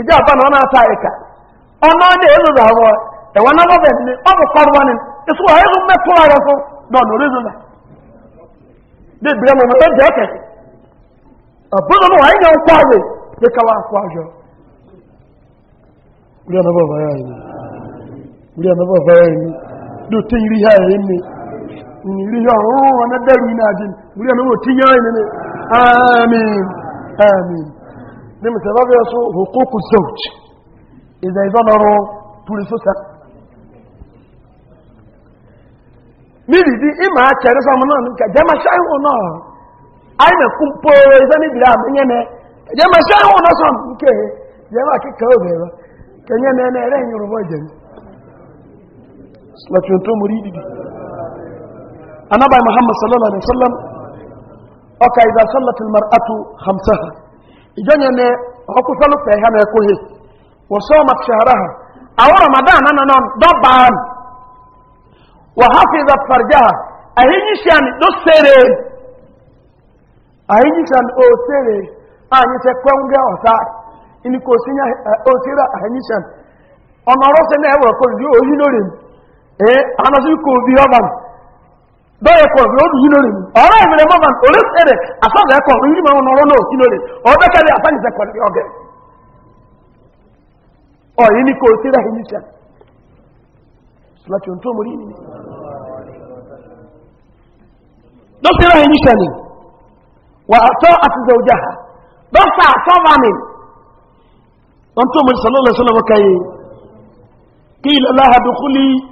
ìjọ àbá náà náà sáà ẹ̀ka ọ̀nà ọdẹ ẹ̀zọ̀zọ̀ àwọ̀ ẹ̀wọ̀n náà bẹ̀ ní ọ̀bù kọ́rọ̀ wọn ni èso wà ẹ̀rù mẹ́tọ́ ara fún dọ̀nà orí ẹ̀zọ̀zọ̀ bí ìbílẹ̀ mọ̀ náà ha ha من سبب حقوق الزوج إذا ظنروا تلسوسا من دي إما أتشاري سامنان كجمع شايف ونا أين كمبو إذا نبلا من يمي كجمع شايف ونا سامنان كي جمع كي كوبي كن يمي أنا رين يربو جن صلاة ينتو مريد دي أنا بأي محمد صلى الله عليه وسلم أكا إذا صلت المرأة خمسها ìjọ́nyẹ ní ọkùsọ́lù pẹ̀hẹ́ na ẹkọ́ he wọ́n sọ ọmọ ha àwọn ramadan nánà na dọ́bàá nù wọ́n ha fi ìzà fàrjá ha àyíyí ṣe àmì ló ṣeré àyíyí ṣe àmì ó ṣeré àyíyí ṣe kwẹ́ngẹ́ ọ̀tá ìní kò sí ní ó ọ̀nà ọ̀rọ̀ lórí kò bẹ́ẹ̀ kọ̀ ìwé olùyí lórí mi ọ̀rọ̀ ìbìnrin mọ́mọ́ olóṣèré àsọ̀dẹ̀ ẹ̀kọ́ ìwé ìrìnà ọ̀rọ̀ náà sí lórí ọ̀dọ́ kẹ́lẹ́ àtàlìsẹ̀ kọ̀ ní ọgẹ̀ ọ̀yí ní kò sí rẹ̀ ni wà àtọ́ àti zẹ̀ọ́jà dọ́kítà àtọ́wà mi lọ́n tó mú sọ́lọ́lọ́sọ́lọ́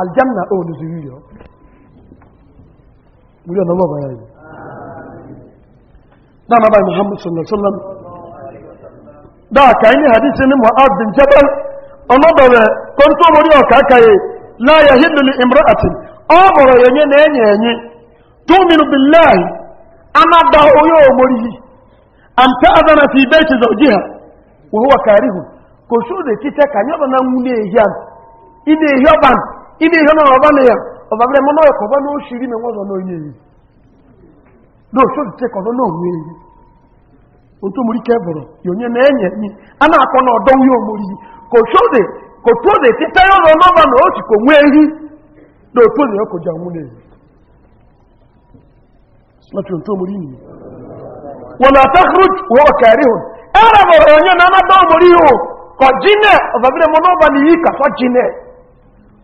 aljanna o ni siri yọ mú yọ lọ́wọ́ báyá yìí dáa báyìí muhammad sallallahu dáa hadisi ni mu'ad bin jabal ọlọ́bẹ̀rẹ̀ kọ́ntọ́ mọ́rí ọ̀ká kàí láyà hìndùlì imra'ati ọmọrọ̀ na ẹnyẹ ẹnyẹ tómìnú billahi anada oyó omori yìí ibi ìhọ́nà ọba na ya ọba bẹ̀rẹ̀ mọ́nà ẹ̀kọ́ bá na ṣe ọzọ mi ehi lọ́nà oyè yìí lóò ṣó ti otu lọ́nà òwe yìí o tó mórí kẹ́bọ̀rọ̀ yòóyẹ náà a náà kọ́ náà dọ́wọ́ yóò mórí yìí kò ṣóde kò tóde títẹ́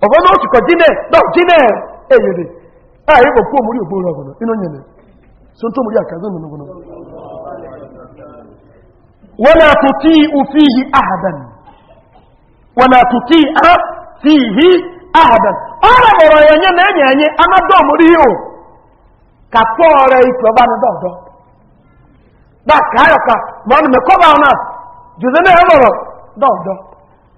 ọ̀fọ́ náà ṣùkọ̀ jílẹ̀ náà jílẹ̀ èyèrè ààrẹ kú òmúrí ògbó rẹ̀ ọ̀gbọ̀nà inú yẹnẹ̀ tí tó múrí àkàzọ́ ìmọ̀ wọ́n àtò tí tí a fi yí àhàdàn ẹ̀yẹ ẹ̀yẹ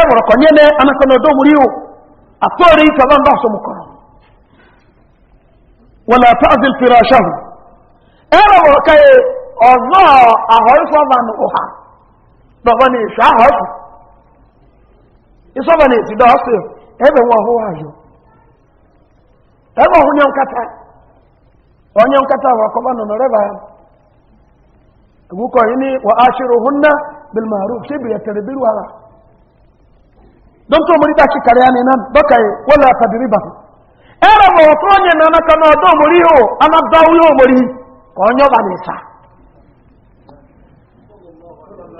ẹwọ̀rọ̀ kọ̀ ní ẹlẹ́ amẹ́sọ́lọ́dọ́ mú rí o àtọ́rí ìtàlá bá sọmù kọ̀rọ̀ wọ́n lè tààzí fèrè aṣáhù ẹwọ̀rọ̀ káyẹ ọ̀zọ́ àhọ́rísọ́bàánù ọ̀há lọ́wọ́ ni ìṣẹ́ àhọ́sù ìṣọ́bàánù ìtìdọ́ ọ̀sẹ̀ ẹ̀bẹ̀ wọn hó ayọ̀ ẹ̀bẹ̀ ọ̀hún yẹn kata ọ̀nyẹn kata wà kọ́ bá nù nọ̀rẹ́bà ẹ̀wùkọ̀ yìí ni ná don to mori daki kare ya nan baka yi wala tadriba era bo to nye na na kana do mori o ana dawo yo mori onyo ba ni sa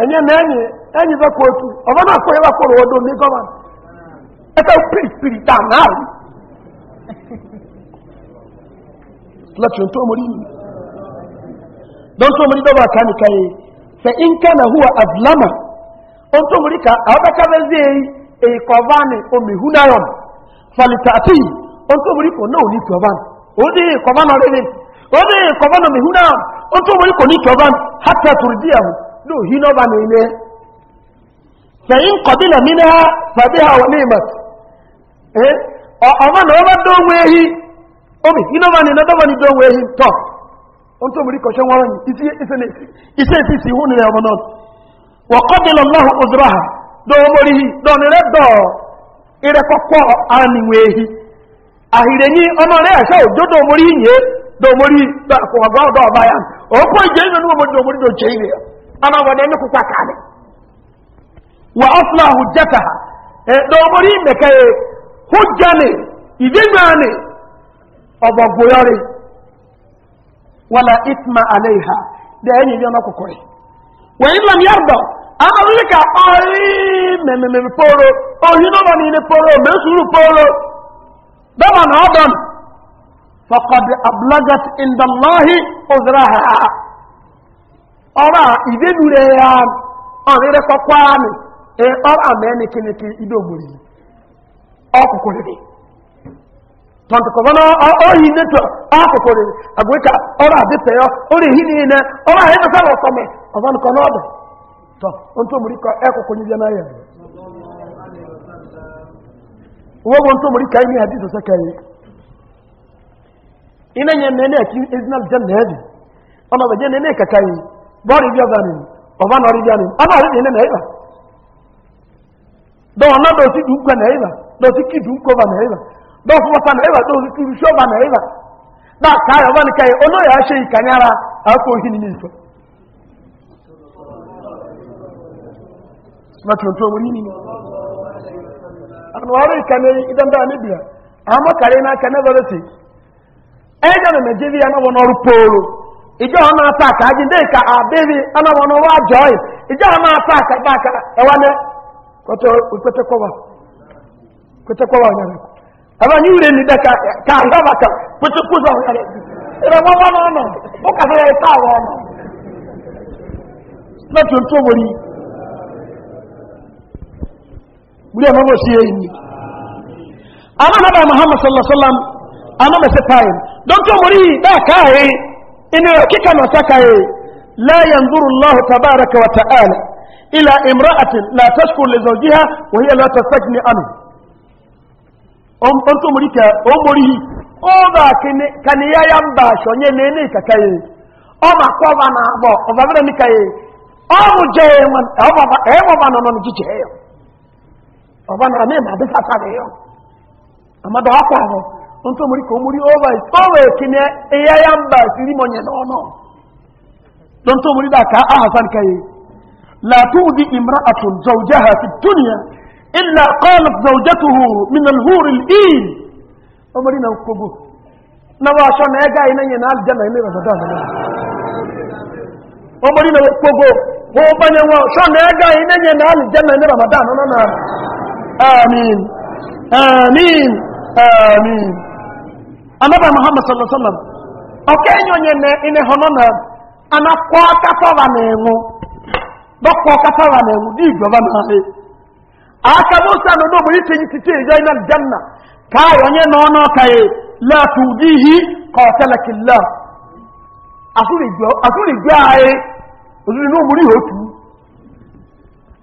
enye na enye enye ba ko tu oba na ko ba ko ro do ni ko ba eta piri piri ta na ri la tun to mori don to mori do ba kan kai fa in kana huwa azlama on to mori ka abaka ba zai èyí kọ̀ọ̀bánì omi húnáyọ̀n falitati ohun tó mọ̀rí kò náà ní kọ̀ọ̀bánì ó dé kọ̀ọ̀bánì ọ̀rẹ́lẹ̀ ó dé kọ̀ọ̀bánì omi húnáyọ̀n ohun ní kọ̀ọ̀bánì hátà tùrìdíyàwó ló hí náà bá ní ilé fẹ̀yìn kọ̀bílẹ̀ mi náà bàbí ehi omi hí náà bá ní náà dọ́bọ̀ ní domori donere do ire kokko aniwe hi ahire ni ono re ase jo domori nye domori ba ko ba ya o ko je ni no domori do je ire ana wa ni ku kwaka ni wa aslahu jataha e domori me e, wala itma alaiha da yin yana wa amaghị ka ọhịmemememe poro ohi n'ụlọ niile poro mesuru poro dama na ọdọm fakọdị ablagat indalahi ụzara ha ọrụ a ide dure ya ọrịrị kọkwa amị ee ọrụ a mee nekeneke ide ogbori ọkụkụrịrị tọntịkọbọnọ ohi neto ọkụkụrịrị agwụka ọrụ a dịpe ya ọrụ ehi niile ọrụ a ebe sára ọtọmị ọzọ nkọ n'ọdọ tọ́ ohun tó múrí kọ ẹ́kọ̀ọ́kọ́ ní jẹ́ náà owógun tó múrí káyí ní àdíjọ sẹ́kẹ́ yìí iná yẹn nẹ́nẹ́ kí ezinal jẹ́ nẹ́ẹ̀dì ọmọ bẹ̀jẹ́ nẹ́nẹ́ kàkà yìí bọ́ọ̀rì bí ọ̀gá nìyí ọba nọ̀rì bí ọ̀nà ọba rí nìyí nẹ́ẹ̀bà dọ́wọ́n náà dọ̀tí dùnkọ nẹ́ẹ̀bà dọ̀tí kí dùnkọ bà nẹ́ẹ̀bà dọ́wọ́n fọ́ta nẹ́ẹ̀bà dọ̀tí kí dùnkọ bà nẹ́ẹ̀bà dáa káyọ̀ wato to wuri ne n'ụwa kane idan ba ni biya amma kare na kane ba race ai da Nigeria na wono na ka ana wono wa joy ba ka e wane ko ba ko ba aba ni ure ni ka ka ga ba ka ko ka no no ka ya ta wa no na muri ọmọ bọ̀ sí ẹ̀yìn ni àwọn ọmọdé muhammad sallasallam àwọn mẹ́sẹ̀ táyì dọ́kítọ̀ mori bẹ́ẹ̀ káàyè inú kíkà náà sákàyè láyé nzúrù tabaraka wa ta'ala ila imra'atin la tashku li jiha wa hiya ka o mori o ba kini ya ya ba shonye ka o ma ba e na o ba ni kaye ọba nara mee na-adị satara ya rẹ̀ akwa ahụ ntụ omori ka omori ova itowe kine ihe ya mba siri monye n'ọnụ ntụ omori da ka aha san kai la tudi imra'atun zawjaha fi dunya illa qalat zawjatuhu min al-hur al-in omori na kogo na wa sho na ga ina nye na aljanna ile ramadan na omori na kogo ho banye wa sho na ga ina nye na aljanna ile ramadan na na آمين آمين آمين أنبا محمد صلى الله عليه وسلم إني هنونا أنا na aka musa na ɔdɔ bɔyi tɛyi titi ɛgya ina na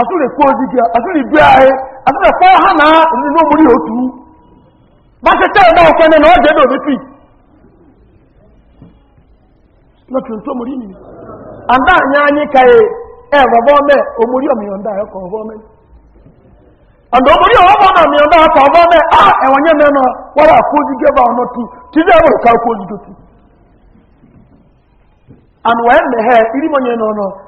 asụrụ ekwu ojiji asụrụ ibu ahị asụrụ ekwu ha na ndị n'omuri otu basịta ebe ọkwene na ọjọ ebe omepi lọtụ ntụ omuri nyi anda anya anyị ka e ẹ̀rọ bọ́ọ̀mẹ́ omori ọmọdé ọkọ̀ ọbọ́ọ̀mẹ́ omori a tu and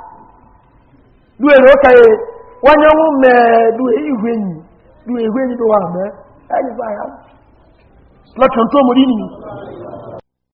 duwe na ụka ya wanye nwụ mee duwe igwe enyi duwe igwe enyi duwa mee anyị ba ya lọtọ ntọ mori ni